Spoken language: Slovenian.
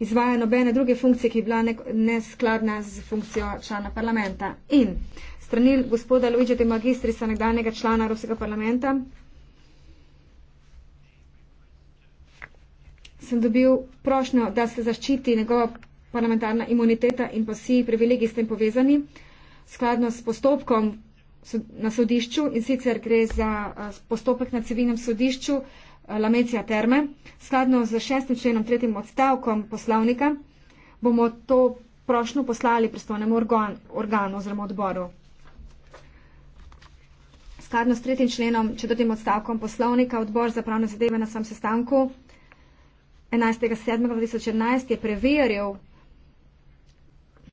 izvaja nobene druge funkcije, ki je bila neskladna z funkcijo člana parlamenta. In stranil gospoda Luigi de Magistrisa, nekdanjega člana Evropskega parlamenta, sem dobil prošnjo, da se zaščiti njegova parlamentarna imuniteta in pa vsi privilegiji s tem povezani, skladno s postopkom na sodišču in sicer gre za eh, postopek na civilnem sodišču, Lamecija Terme, skladno z šestim členom tretjim odstavkom poslovnika, bomo to prošnjo poslali pristojnemu organu oziroma odboru. Skladno s tretjim členom četrtim odstavkom poslovnika odbor za pravne zadeve na sam sestanku 11.7.2011 je preveril